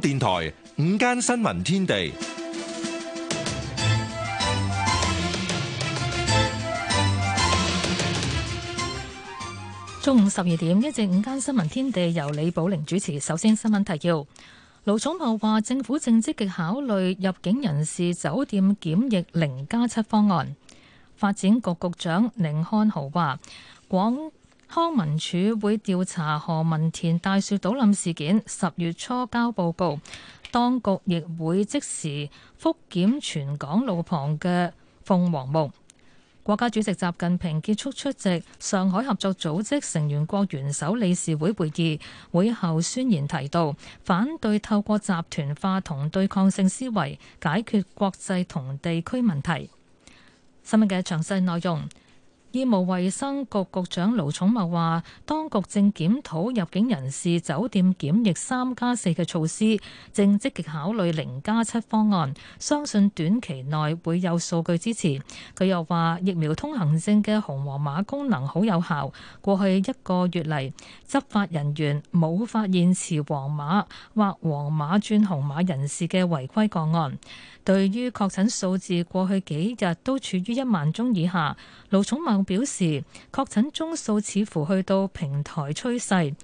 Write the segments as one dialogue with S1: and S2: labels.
S1: 電台午間新聞天地，
S2: 中午十二點，一至五午間新聞天地由李寶玲主持。首先新聞提要：盧寵茂話，政府正積極考慮入境人士酒店檢疫零加七方案。發展局局長甯漢豪話：廣。康文署會調查何文田大樹倒冧事件，十月初交報告。當局亦會即時復檢全港路旁嘅鳳凰木。國家主席習近平結束出席上海合作組織成員國元首理事會會議，會後宣言提到，反對透過集團化同對抗性思維解決國際同地區問題。新聞嘅詳細內容。醫務衛生局局長盧寵茂話，當局正檢討入境人士酒店檢疫三加四嘅措施，正積極考慮零加七方案，相信短期內會有數據支持。佢又話，疫苗通行證嘅紅黃碼功能好有效，過去一個月嚟，執法人員冇發現持黃碼或黃碼轉紅碼人士嘅違規個案。對於確診數字過去幾日都處於一萬宗以下，盧寵茂表示，確診宗數似乎去到平台趨勢，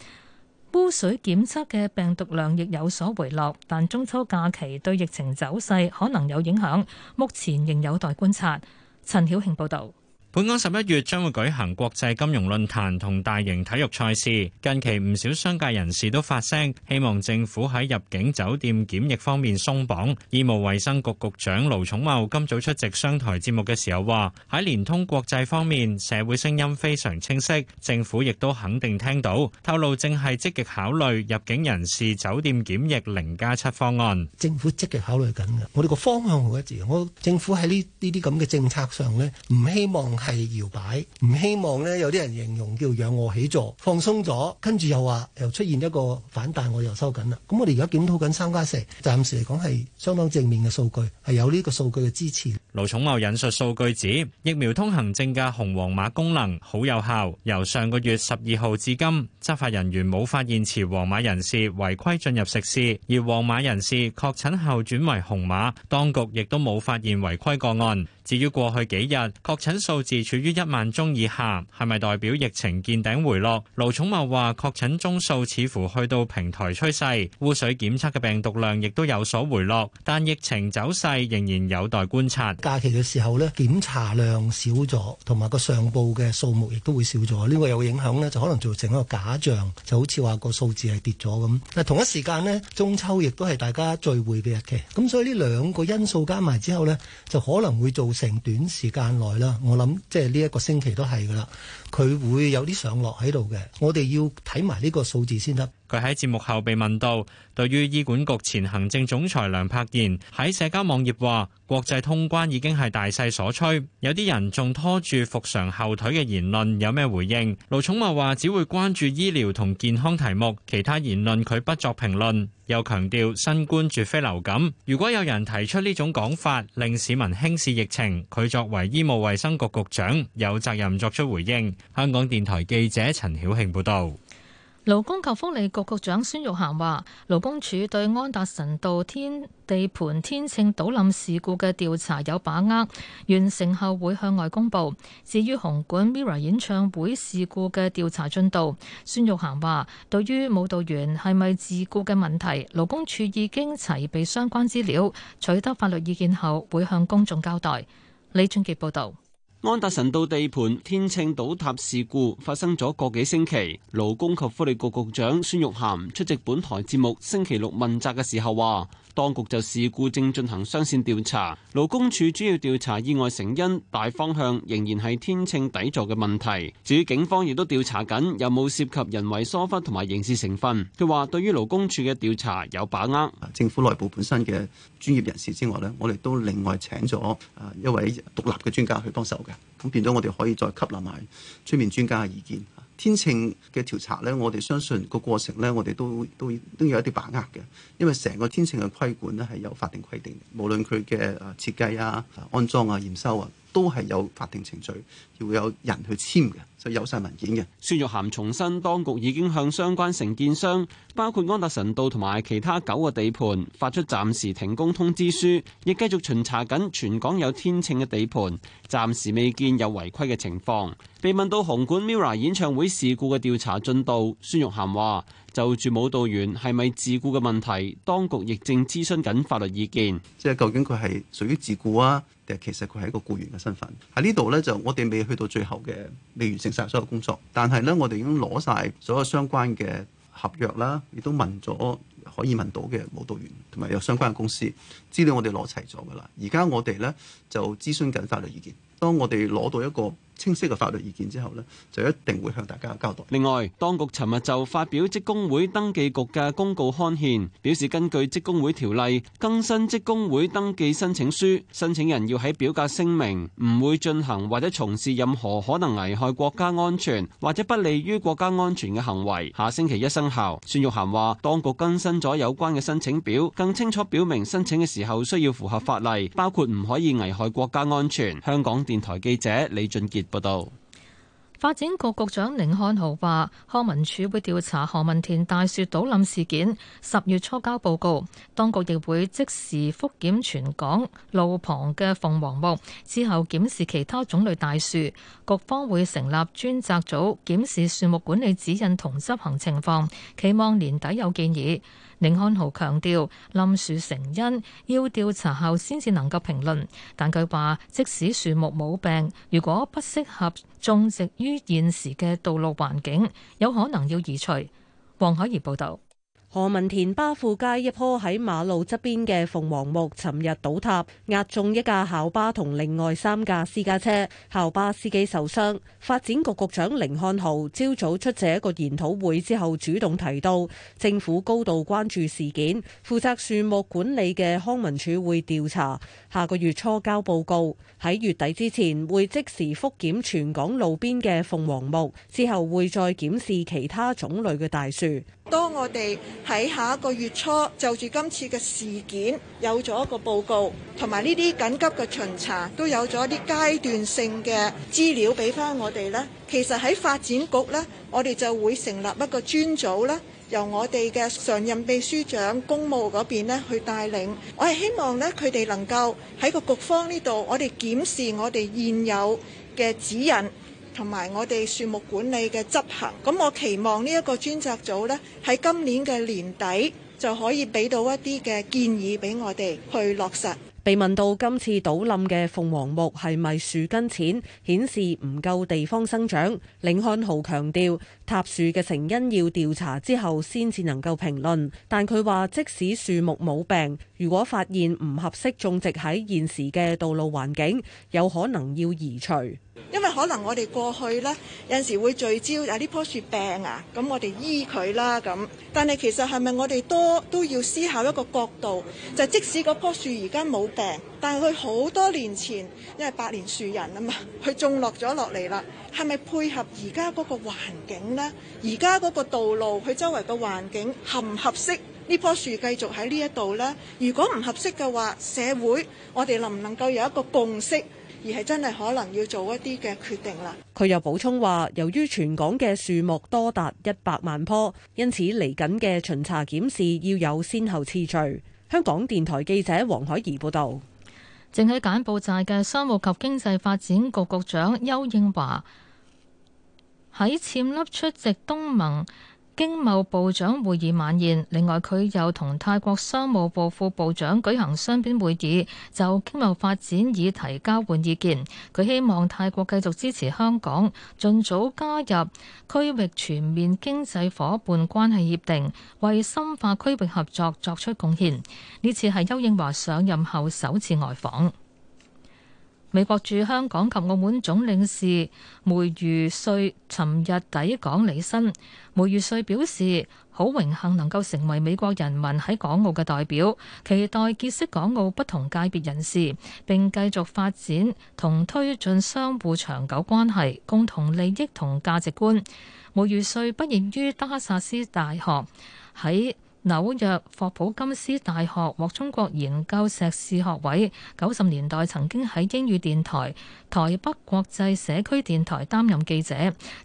S2: 污水檢測嘅病毒量亦有所回落，但中秋假期對疫情走勢可能有影響，目前仍有待觀察。陳曉慶報導。
S3: 本港十一月將會舉行國際金融論壇同大型體育賽事，近期唔少商界人士都發聲，希望政府喺入境酒店檢疫方面鬆綁。醫務衛生局局長盧寵茂今早出席商台節目嘅時候話，喺連通國際方面，社會聲音非常清晰，政府亦都肯定聽到，透露正係積極考慮入境人士酒店檢疫零加七方案。政府積極
S4: 考慮緊嘅，我哋個方向好一致。我政府喺呢呢啲咁嘅政策上呢，唔希望。係搖擺，唔希望呢有啲人形容叫仰臥起坐，放鬆咗，跟住又話又出現一個反彈，我又收緊啦。咁我哋而家檢討緊三加四，暫時嚟講係相當正面嘅數據，係有呢個數據嘅支持。
S3: 盧寵茂引述數據指，疫苗通行證嘅紅黃碼功能好有效。由上個月十二號至今，執法人員冇發現持黃碼人士違規進入食肆，而黃碼人士確診後轉為紅碼，當局亦都冇發現違規個案。至於過去幾日確診數字，是處於一萬宗以下，係咪代表疫情見頂回落？盧寵茂話：確診宗數似乎去到平台趨勢，污水檢測嘅病毒量亦都有所回落，但疫情走勢仍然有待觀察。
S4: 假期嘅時候咧，檢查量少咗，同埋個上報嘅數目亦都會少咗，呢個有影響呢就可能造成一個假象，就好似話個數字係跌咗咁。但同一時間，中秋亦都係大家聚會嘅日期，咁所以呢兩個因素加埋之後呢就可能會造成短時間內啦，我諗。即係呢一個星期都係㗎喇，佢會有啲上落喺度嘅，我哋要睇埋呢個數
S3: 字先得。佢喺節目後被問到，對於醫管局前行政總裁梁柏賢喺社交網頁話國際通關已經係大勢所趨，有啲人仲拖住復常後腿嘅言論，有咩回應？盧寵茂話只會關注醫療同健康題目，其他言論佢不作評論。又強調，新冠絕非流感。如果有人提出呢種講法，令市民輕視疫情，佢作為醫務衛生局局長，有責任作出回應。香港電台記者陳曉慶報導。
S2: 勞工及福利局局長孫玉菡話：勞工處對安達臣道天地盤天秤倒冧事故嘅調查有把握，完成後會向外公布。至於紅館 MIRROR 演唱會事故嘅調查進度，孫玉菡話：對於舞蹈員係咪自雇嘅問題，勞工處已經齊備相關資料，取得法律意見後會向公眾交代。李俊杰報道。
S4: 安達臣道地盤天秤倒塌事故發生咗個幾星期，勞工及福利局局局長孫玉菡出席本台節目星期六問責嘅時候話。當局就事故正進行雙線調查，勞工處主要調查意外成因，大方向仍然係天秤底座嘅問題。至於警方亦都調查緊有冇涉及人為疏忽同埋刑事成分。佢話對於勞工處嘅調查有把握。政府內部本身嘅專業人士之外呢，我哋都另外請咗啊一位獨立嘅專家去幫手嘅，咁變咗我哋可以再吸納埋出面專家嘅意見。天秤嘅調查咧，我哋相信個過程咧，我哋都都都有一啲把握嘅，因為成個天秤嘅規管咧係有法定規定嘅，無論佢嘅誒設計啊、安裝啊、驗收啊。都係有法定程序，要有人去簽嘅，所以有晒文件嘅。孫玉涵重申，當局已經向相關承建商，包括安達臣道同埋其他九個地盤，發出暫時停工通知書，亦繼續巡查緊全港有天秤嘅地盤，暫時未見有違規嘅情況。被問到紅館 MIRROR 演唱會事故嘅調查進度，孫玉涵話，就住舞蹈員係咪自雇嘅問題，當局亦正諮詢緊法律意見，即係究竟佢係屬於自雇啊，定係其實佢係一個雇員嘅身份喺呢度呢，就我哋未去到最後嘅未完成晒所有工作，但係呢，我哋已經攞晒所有相關嘅合約啦，亦都問咗可以問到嘅舞蹈員同埋有，有相關嘅公司資料，我哋攞齊咗，而家我哋攞齊咗噶啦。而家我哋呢，就咨詢緊法律意見。當我哋攞到一個清晰嘅法律意見之後呢，就一定會向大家交代。另外，當局尋日就發表職工會登記局嘅公告刊憲，表示根據職工會條例更新職工會登記申請書，申請人要喺表格聲明唔會進行或者從事任何可能危害國家安全或者不利於國家安全嘅行為，下星期一生效。孫玉菡話，當局更新咗有關嘅申請表，更清楚表明申請嘅時候需要符合法例，包括唔可以危害國家安全。香港電電台記者李俊杰報道，
S2: 發展局局長寧漢豪話，康文署會調查何文田大樹倒冧事件，十月初交報告。當局亦會即時複檢全港路旁嘅鳳凰木，之後檢視其他種類大樹。局方會成立專責組檢視樹木管理指引同執行情況，期望年底有建議。強調林漢豪強調，冧樹成因要調查後先至能夠評論。但佢話，即使樹木冇病，如果不適合種植於現時嘅道路環境，有可能要移除。
S5: 黃海怡報道。何文田巴富街一棵喺馬路側邊嘅鳳凰木尋日倒塌，壓中一架校巴同另外三架私家車，校巴司機受傷。發展局局長甯漢豪朝早出席一個研討會之後，主動提到政府高度關注事件，負責樹木管理嘅康文署會調查，下個月初交報告，喺月底之前會即時復檢全港路邊嘅鳳凰木，之後會再檢視其他種類嘅大樹。
S6: 當我哋喺下一個月初就住今次嘅事件有咗一個報告，同埋呢啲緊急嘅巡查都有咗一啲階段性嘅資料俾翻我哋呢，其實喺發展局呢，我哋就會成立一個專組啦，由我哋嘅常任秘書長公務嗰邊呢去帶領。我係希望呢，佢哋能夠喺個局方呢度，我哋檢視我哋現有嘅指引。同埋我哋樹木管理嘅執行，咁我期望呢一個專責組呢，喺今年嘅年底就可以俾到一啲嘅建議俾我哋去落實。
S5: 被問到今次倒冧嘅鳳凰木係咪樹根淺，顯示唔夠地方生長，凌漢豪強調。塌樹嘅成因要調查之後先至能夠評論，但佢話即使樹木冇病，如果發現唔合適種植喺現時嘅道路環境，有可能要移除。
S6: 因為可能我哋過去呢，有陣時會聚焦啊呢棵樹病啊，咁我哋醫佢啦咁，但係其實係咪我哋多都，都要思考一個角度，就即使嗰棵樹而家冇病，但佢好多年前，因為百年樹人啊嘛，佢種落咗落嚟啦。係咪配合而家嗰個環境咧？而家嗰個道路，佢周圍個環境合唔合適呢棵樹繼續喺呢一度咧？如果唔合適嘅話，社會我哋能唔能夠有一個共識，而係真係可能要做一啲嘅決定啦？
S5: 佢又補充話，由於全港嘅樹木多達一百萬棵，因此嚟緊嘅巡查檢視要有先後次序。香港電台記者黃
S2: 海怡報道。正喺柬埔寨嘅商務及經濟發展局局長丘應樺喺暹粒出席東盟。經貿部長會議晚宴，另外佢又同泰國商務部副部長舉行雙邊會議，就經貿發展議題交換意見。佢希望泰國繼續支持香港，盡早加入區域全面經濟夥伴關係協定，為深化區域合作作出貢獻。呢次係邱應華上任後首次外訪。美國駐香港及澳門總領事梅如瑞尋日抵港履新。梅如瑞表示：好榮幸能夠成為美國人民喺港澳嘅代表，期待結識港澳不同界別人士，並繼續發展同推進相互長久關係、共同利益同價值觀。梅如瑞畢業於德克薩斯大學，喺紐約霍普金斯大學獲中國研究碩士學位，九十年代曾經喺英語電台、台北國際社區電台擔任記者，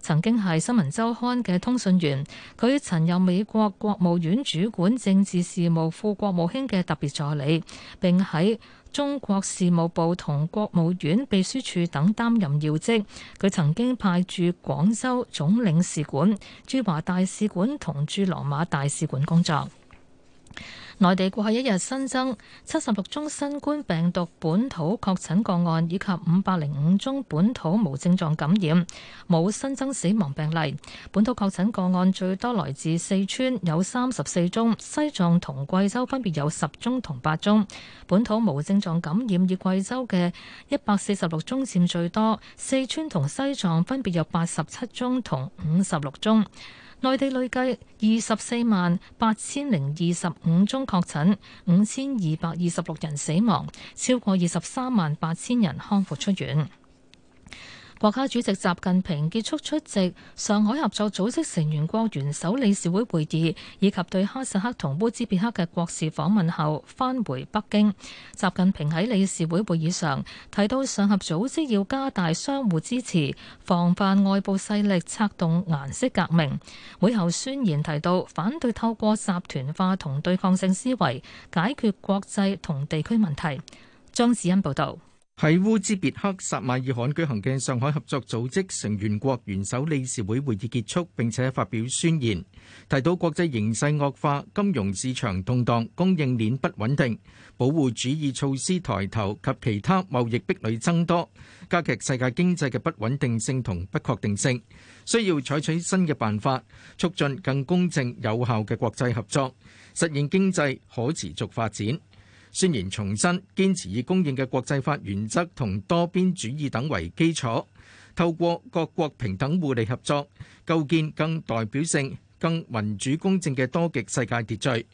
S2: 曾經係新聞週刊嘅通訊員。佢曾任美國國務院主管政治事務副國務卿嘅特別助理，並喺中國事務部同國務院秘書處等擔任要職，佢曾經派駐廣州總領事館、駐華大使館同駐羅馬大使館工作。內地過去一日新增七十六宗新冠病毒本土確診個案，以及五百零五宗本土無症狀感染，冇新增死亡病例。本土確診個案最多來自四川，有三十四宗；西藏同貴州分別有十宗同八宗。本土無症狀感染以貴州嘅一百四十六宗佔最多，四川同西藏分別有八十七宗同五十六宗。內地累計二十四萬八千零二十五宗確診，五千二百二十六人死亡，超過二十三萬八千人康復出院。國家主席習近平結束出席上海合作組織成員國元首理事會會議，以及對哈薩克同烏茲別克嘅國事訪問後，返回北京。習近平喺理事會會議上提到，上合組織要加大相互支持，防範外部勢力策動顏色革命。會後宣言提到，反對透過集團化同對抗性思維解決國際同地區問題。張子欣報導。
S7: 喺烏茲別克薩馬爾罕舉行嘅上海合作組織成員國元首理事會會議結束，並且發表宣言，提到國際形勢惡化、金融市場動盪、供應鏈不穩定、保護主義措施抬頭及其他貿易壁壘增多，加劇世界經濟嘅不穩定性同不確定性，需要採取新嘅辦法，促進更公正有效嘅國際合作，實現經濟可持續發展。宣言重申，堅持以公認嘅國際法原則同多邊主義等為基礎，透過各國平等互利合作，構建更代表性、更民主公正嘅多極世界秩序。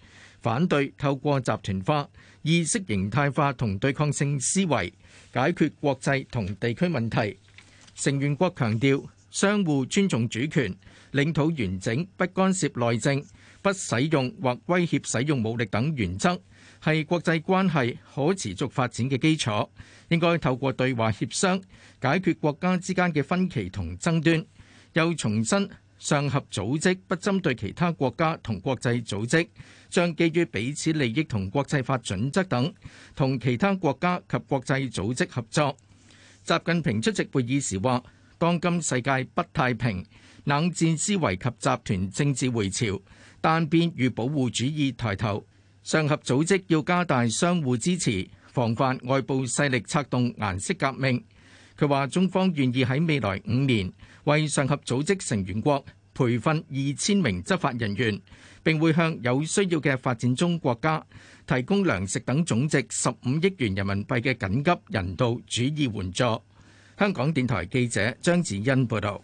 S7: 反對透過集團化、意識形態化同對抗性思維解決國際同地區問題。成員國強調相互尊重主權、領土完整、不干涉內政、不使用或威脅使用武力等原則。係國際關係可持續發展嘅基礎，應該透過對話協商解決國家之間嘅分歧同爭端。又重申上合組織不針對其他國家同國際組織，將基於彼此利益同國際法準則等，同其他國家及國際組織合作。習近平出席會議時話：當今世界不太平，冷戰思維及集團政治回潮，單邊與保護主義抬頭。上合組織要加大相互支持，防範外部勢力策動顏色革命。佢話：中方願意喺未來五年為上合組織成員國培訓二千名執法人員，並會向有需要嘅發展中國家提供糧食等總值十五億元人民幣嘅緊急人道主義援助。香港電台記者張子欣報道。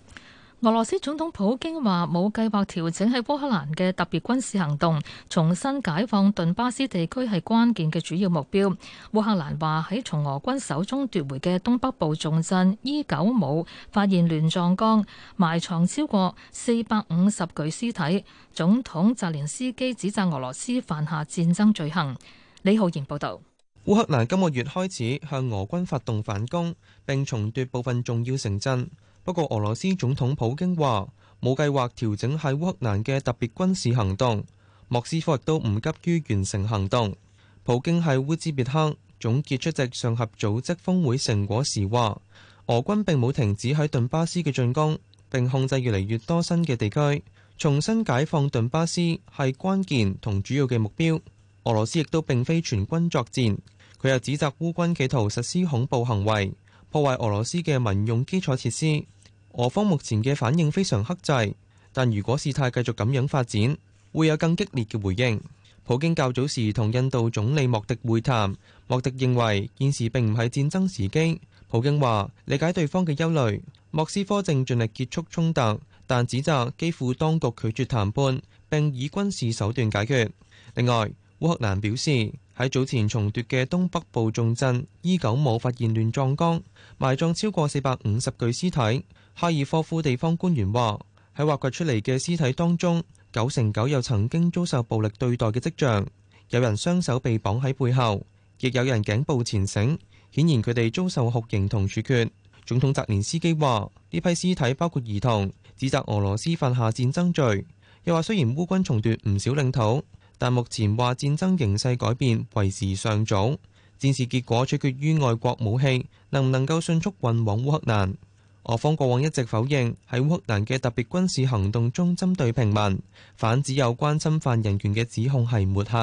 S2: 俄羅斯總統普京話冇計劃調整喺烏克蘭嘅特別軍事行動，重新解放頓巴斯地區係關鍵嘅主要目標。烏克蘭話喺從俄軍手中奪回嘅東北部重鎮伊久姆發現亂葬崗，埋藏超過四百五十具屍體。總統澤連斯基指責俄羅斯犯下戰爭罪行。李浩然報導。烏克
S8: 蘭今個月開始向俄軍發動反攻，並重奪部分重要城鎮。不過，俄羅斯總統普京話冇計劃調整喺烏克蘭嘅特別軍事行動。莫斯科亦都唔急於完成行動。普京喺烏茲別克總結出席上合組織峰會成果時話，俄軍並冇停止喺頓巴斯嘅進攻，並控制越嚟越多新嘅地區。重新解放頓巴斯係關鍵同主要嘅目標。俄羅斯亦都並非全軍作戰。佢又指責烏軍企圖實施恐怖行為。破壞俄羅斯嘅民用基礎設施，俄方目前嘅反應非常克制，但如果事態繼續咁樣發展，會有更激烈嘅回應。普京較早時同印度總理莫迪會談，莫迪認為現時並唔係戰爭時機。普京話理解對方嘅憂慮，莫斯科正盡力結束衝突，但指責基輔當局拒絕談判，並以軍事手段解決。另外，烏克蘭表示，喺早前重奪嘅東北部重鎮伊久姆發現亂葬崗，埋葬超過四百五十具屍體。哈爾科夫地方官員話：喺挖掘出嚟嘅屍體當中，九成九有曾經遭受暴力對待嘅跡象，有人雙手被綁喺背後，亦有人頸部前繩，顯然佢哋遭受酷刑同處決。總統澤連斯基話：呢批屍體包括兒童，指責俄羅斯犯下戰爭罪，又話雖然烏軍重奪唔少領土。但目前話戰爭形勢改變為時尚早，戰事結果取決於外國武器能唔能夠迅速運往烏克蘭，俄方過往一直否認喺烏克蘭嘅特別軍事行動中針對平民，反指有關侵犯人權嘅指控係抹黑。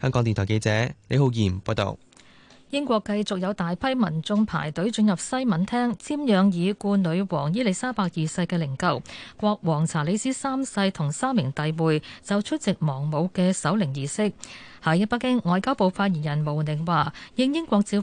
S8: 香港電台記者李浩然報道。
S2: 英國繼續有大批民眾排隊進入西敏廳，瞻仰已故女王伊麗莎白二世嘅靈柩。國王查理斯三世同三名弟妹就出席亡母嘅守靈儀式。下日北京外交部發言人毛寧話，應英國召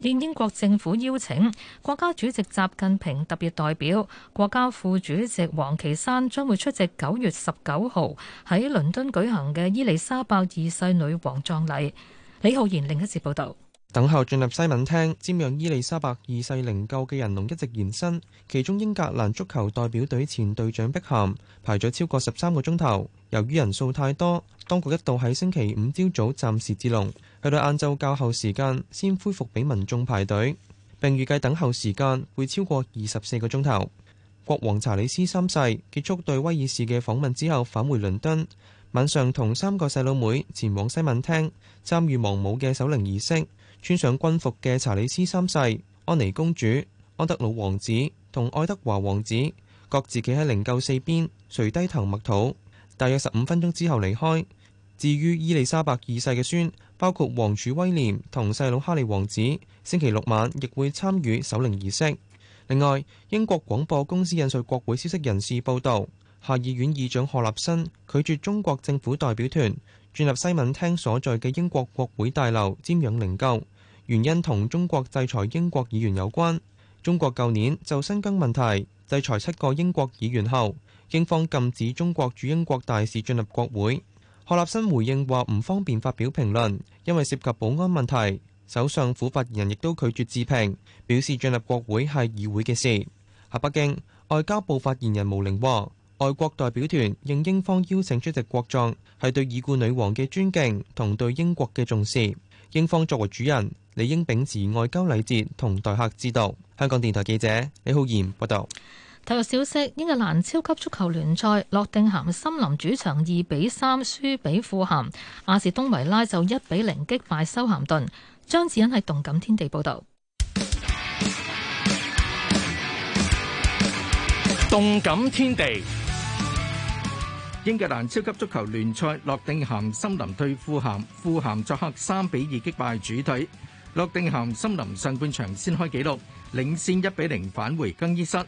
S2: 應英國政府邀請，國家主席習近平特別代表、國家副主席王岐山將會出席九月十九號喺倫敦舉行嘅伊麗莎白二世女王葬禮。李浩然另一節報道。
S8: 等候進入西敏廳，瞻仰伊利沙伯二世靈柩嘅人龍一直延伸，其中英格蘭足球代表隊前隊長碧咸排咗超過十三個鐘頭。由於人數太多，當局一度喺星期五朝早暫時止龍，去到晏晝較後時間先恢復俾民眾排隊，並預計等候時間會超過二十四個鐘頭。國王查理斯三世結束對威爾士嘅訪問之後，返回倫敦。晚上同三個細佬妹前往西敏廳參與亡母嘅守靈儀式，穿上軍服嘅查理斯三世、安妮公主、安德魯王子同愛德華王子各自企喺靈柩四邊，垂低頭默禱。大約十五分鐘之後離開。至於伊利沙伯二世嘅孫，包括王儲威廉同細佬哈利王子，星期六晚亦會參與守靈儀式。另外，英國廣播公司引述國會消息人士報導。下議院議長何立新拒絕中國政府代表團進入西敏廳所在嘅英國國會大樓瞻仰靈柩，原因同中國制裁英國議員有關，中國舊年就新疆問題制裁七個英國議員後，英方禁止中國駐英國大使進入國會，何立新回應話唔方便發表評論，因為涉及保安問題。首相府發言人亦都拒絕置評，表示進入國會係議會嘅事。喺北京，外交部發言人毛寧話。.外國代表團應英方邀請出席國葬，係對已故女王嘅尊敬同對英國嘅重視。英方作為主人，理應秉持外交禮節同待客之道。香港電台記者李浩然報道。
S2: 體育消息：英格蘭超級足球聯賽，諾定咸森林主場二比三輸俾富咸，阿士東維拉就一比零擊，擊敗修咸頓。張子欣係動感天地報道。
S7: 動感天地。英格蘭超級足球聯賽，諾定咸森林對富咸，富咸作客三比二擊敗主隊。諾定咸森林上半場先開紀錄，領先一比零返回更衣室。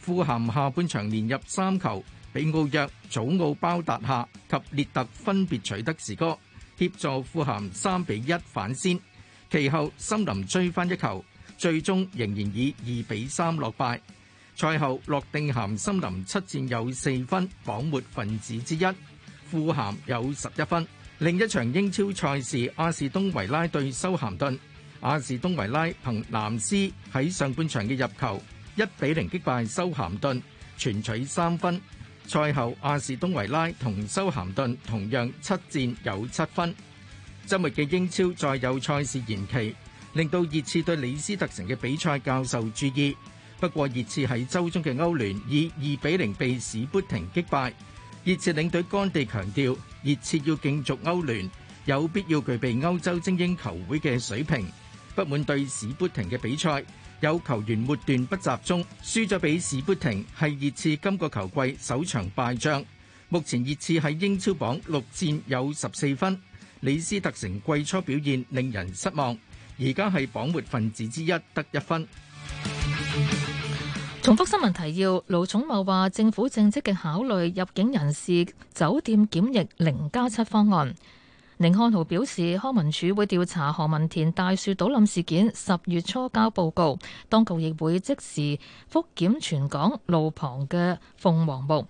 S7: 富咸下半場連入三球，比奧約、祖奧、包達夏及列特分別取得士歌，協助富咸三比一反先。其後森林追翻一球，最終仍然以二比三落敗。賽後，洛定咸森林七戰有四分，榜末分子之一。富咸有十一分。另一場英超賽事，阿士東維拉對修咸頓，阿士東維拉憑南斯喺上半場嘅入球，一比零擊敗修咸頓，全取三分。賽後，阿士東維拉同修咸頓同樣七戰有七分。周末嘅英超再有賽事延期，令到熱刺對李斯特城嘅比賽較受注意。不過熱刺喺週中嘅歐聯以二比零被史畢廷擊敗。熱刺領隊干地強調，熱刺要競逐歐聯，有必要具備歐洲精英球會嘅水平。不滿對史畢廷嘅比賽，有球員末段不集中，輸咗畀史畢廷，係熱刺今個球季首場敗仗。目前熱刺喺英超榜六戰有十四分，李斯特城季初表現令人失望，而家係榜末分子之一，得一分。
S2: 重複新聞提要，盧寵茂話政府正積極考慮入境人士酒店檢疫零加七方案。寧漢豪表示，康文署會調查何文田大樹倒冧事件，十月初交報告。當局亦會即時複檢全港路旁嘅鳳凰木。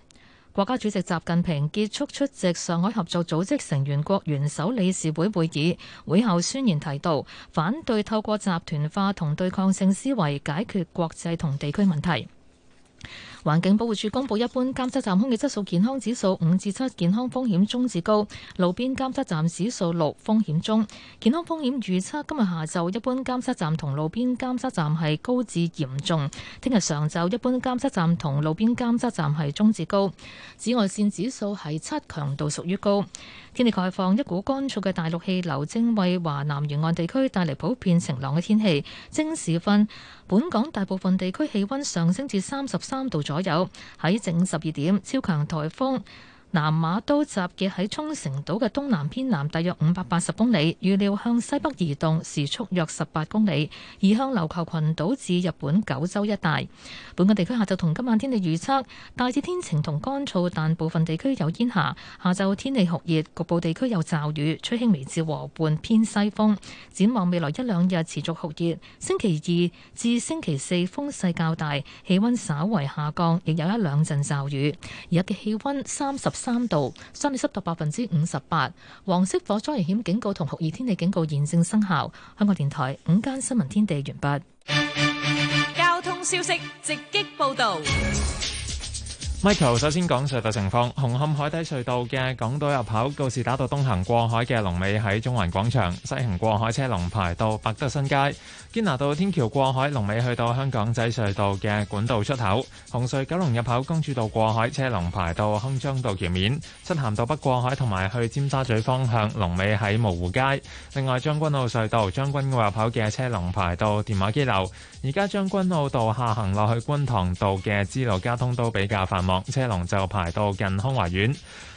S2: 國家主席習近平結束出席上海合作組織成員國元首理事會會議，會後宣言提到，反對透過集團化同對抗性思維解決國際同地區問題。環境保護署公布一般監測站空氣質素健康指數五至七，健康風險中至高；路邊監測站指數六，風險中。健康風險預測今日下晝一般監測站同路邊監測站係高至嚴重，聽日上晝一般監測站同路邊監測站係中至高。紫外線指數係七，強度屬於高。天氣概況，一股乾燥嘅大陸氣流正為華南沿岸地區帶嚟普遍晴朗嘅天氣。正時分，本港大部分地區氣溫上升至三十三度。左右喺正十二點，超強台風南馬都集結喺沖繩島嘅東南偏南，大約五百八十公里，預料向西北移動，時速約十八公里，移向琉球群島至日本九州一帶。本港地區下晝同今晚天氣預測，大致天晴同乾燥，但部分地區有煙霞。下晝天氣酷熱，局部地區有驟雨，吹輕微至和緩偏西風。展望未來一兩日持續酷熱，星期二至星期四風勢較大，氣温稍為下降，亦有一兩陣驟雨。而家嘅氣温三十三度，濕度百分之五十八，黃色火災危險警告同酷熱天氣警告現正生效。香港電台午間新聞天地完畢。交通消息直擊報導。
S1: Michael 首先講隧道情況，紅磡海底隧道嘅港島入口告士打道東行過海嘅龍尾喺中環廣場，西行過海車龍排到百德新街。堅拿道天橋過海龍尾去到香港仔隧道嘅管道出口。紅隧九龍入口公主道過海車龍排到康莊道橋面。漆咸道北過海同埋去尖沙咀方向龍尾喺蕪湖街。另外將軍澳隧道將軍澳入口嘅車龍排到電話機樓。而家將軍澳道下行落去觀塘道嘅支路交通都比較繁忙。車龍就排到近康華苑。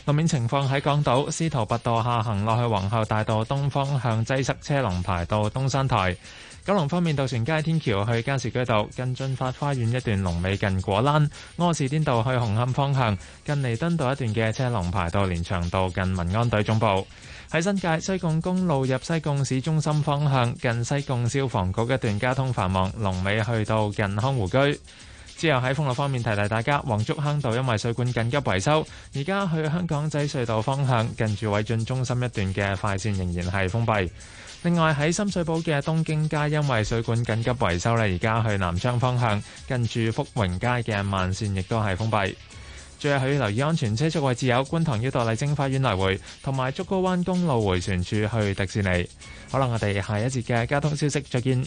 S1: 路面情況，喺港島司徒拔道下行落去皇后大道東方向擠塞，車龍排到東山台。九龍方面，渡船街天橋去加士居道近駿發花園一段龍尾近果欄，柯士甸道去紅磡方向近彌敦道一段嘅車龍排到連翔道近民安隊總部。喺新界西貢公路入西貢市中心方向近西貢消防局一段交通繁忙，龍尾去到近康湖居。之後喺封路方面提提大家，黃竹坑道因為水管緊急維修，而家去香港仔隧道方向，近住偉俊中心一段嘅快線仍然係封閉。另外喺深水埗嘅東京街，因為水管緊急維修呢，而家去南昌方向，近住福榮街嘅慢線亦都係封閉。最後要留意安全車速位置，有觀塘要到麗晶花園來回，同埋竹篙灣公路，路回旋處去迪士尼。好啦，我哋下一節嘅交通消息，再見。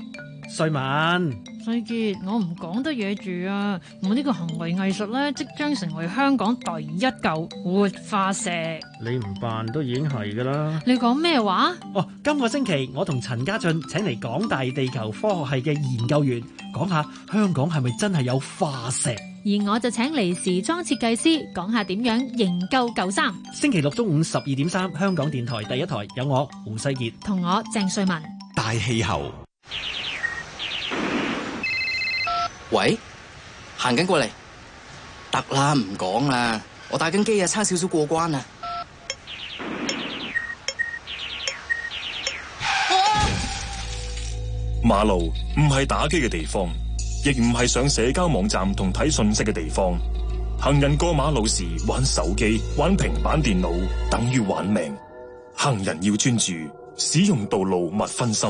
S4: 瑞文，
S2: 世傑，我唔講得嘢住啊！我呢個行為藝術咧，即將成為香港第一舊活化石。
S4: 你唔扮都已經係噶啦。
S2: 你講咩話？
S4: 哦，今個星期我同陳家俊請嚟港大地球科學系嘅研究員，講下香港係咪真係有化石。
S2: 而我就請嚟時裝設計師，講下點樣營救舊衫。
S4: 星期六中午十二點三，香港電台第一台有我胡世傑，
S2: 同我鄭瑞文，
S4: 大氣候。喂，行緊過嚟，
S7: 得啦，唔講啦，我打緊機啊，差少少過關啊。
S1: 馬路唔係打機嘅地方，亦唔係上社交網站同睇信息嘅地方。行人過馬路時玩手機、玩平板電腦，等於玩命。行人要專注，使用道路勿分心。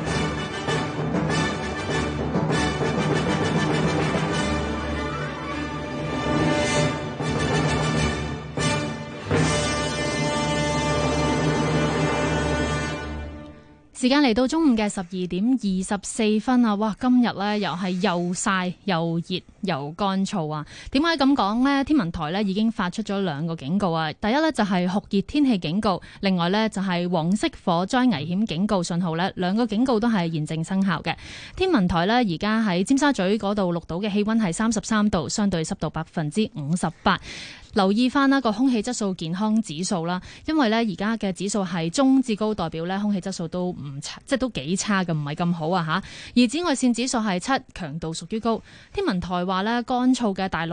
S2: 時間嚟到中午嘅十二點二十四分啊！哇，今日呢又係又曬又熱又乾燥啊！點解咁講呢？天文台呢已經發出咗兩個警告啊！第一呢就係酷熱天氣警告，另外呢就係黃色火災危險警告信號，呢兩個警告都係現正生效嘅。天文台呢而家喺尖沙咀嗰度錄到嘅氣溫係三十三度，相對濕度百分之五十八。留意翻啦個空氣質素健康指數啦，因為咧而家嘅指數係中至高，代表咧空氣質素都唔差，即係都幾差嘅，唔係咁好啊吓，而紫外線指數係七，強度屬於高。天文台話咧乾燥嘅大陸。